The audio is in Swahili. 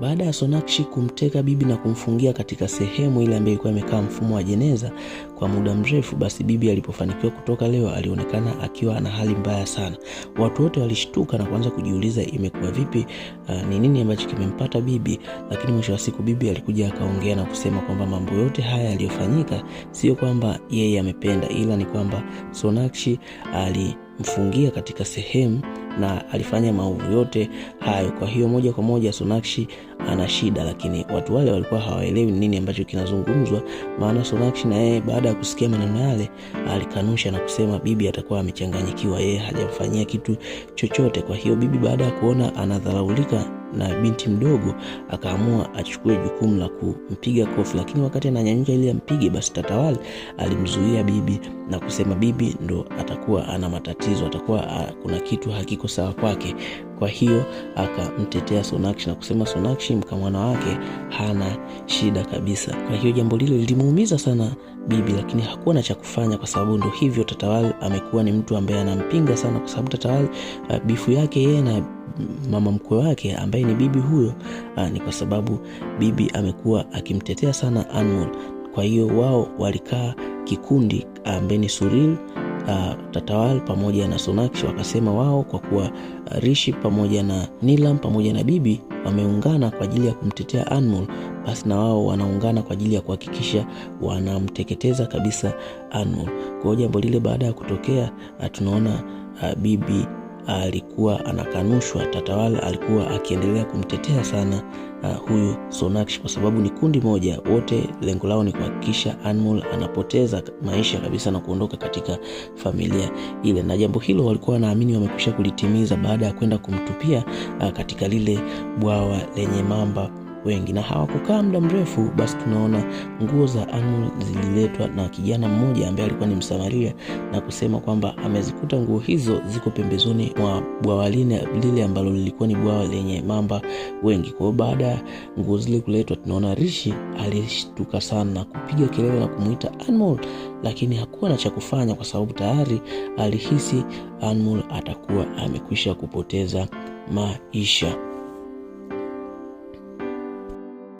Baada ya Sonakshi kumteka bibi na kumfungia katika sehemu ile ambayo ilikuwa imekaa mfumo wa jeneza kwa muda mrefu, basi bibi alipofanikiwa kutoka leo alionekana akiwa ana hali mbaya sana. Watu wote walishtuka na kuanza kujiuliza imekuwa vipi, ah, ni nini ambacho kimempata bibi. Lakini mwisho wa siku bibi alikuja akaongea na kusema kwamba mambo yote haya yaliyofanyika sio kwamba yeye amependa, ila ni kwamba Sonakshi alimfungia katika sehemu na alifanya maovu yote hayo. Kwa hiyo moja kwa moja Sonakshi ana shida, lakini watu wale walikuwa hawaelewi nini ambacho kinazungumzwa, maana Sonakshi na yeye baada ya kusikia maneno yale alikanusha na kusema bibi atakuwa amechanganyikiwa, yeye hajamfanyia kitu chochote. Kwa hiyo bibi baada ya kuona anadharaulika na binti mdogo akaamua achukue jukumu la kumpiga kofi, lakini wakati ananyanyuka ili ampige, basi Tatawali alimzuia bibi na kusema bibi ndo atakuwa ana matatizo, atakuwa a, kuna kitu hakiko sawa kwake. Kwa hiyo akamtetea Sonakshi na kusema Sonakshi mkamwana wake hana shida kabisa. Kwa hiyo jambo lile lilimuumiza sana bibi, lakini hakuwa na cha kufanya, kwa sababu ndo hivyo Tatawali amekuwa ni mtu ambaye anampinga sana, kwa sababu Tatawali bifu yake yeye na mama mkwe wake ambaye ni bibi huyo a, ah, ni kwa sababu bibi amekuwa akimtetea sana Anmol. Kwa hiyo wao walikaa kikundi ambaye ah, ni Suril ah, Tatawal pamoja na Sonakshi wakasema wao kwa kuwa Rishi pamoja na Nilam pamoja na bibi wameungana kwa ajili ya kumtetea Anmol, basi na wao wanaungana kwa ajili ya kuhakikisha wanamteketeza kabisa Anmol. Kwa hiyo jambo lile baada ya kutokea, tunaona bibi alikuwa anakanushwa. Tatawala alikuwa akiendelea kumtetea sana uh, huyu Sonakshi kwa sababu ni kundi moja, wote lengo lao ni kuhakikisha Anmol anapoteza maisha kabisa na kuondoka katika familia ile, na jambo hilo walikuwa wanaamini wamekwisha kulitimiza baada ya kwenda kumtupia uh, katika lile bwawa lenye mamba wengi, na hawakukaa muda mrefu. Basi tunaona nguo za Anu zililetwa na kijana mmoja ambaye alikuwa ni Msamaria na kusema kwamba amezikuta nguo hizo ziko pembezoni mwa bwawa lile ambalo lilikuwa ni bwawa lenye mamba wengi. Kwa hiyo baada ya nguo zile kuletwa, tunaona Rishi alishtuka sana na kupiga kelele na kumuita Anmol, lakini hakuwa na cha kufanya kwa sababu tayari alihisi Anmol atakuwa amekwisha kupoteza maisha.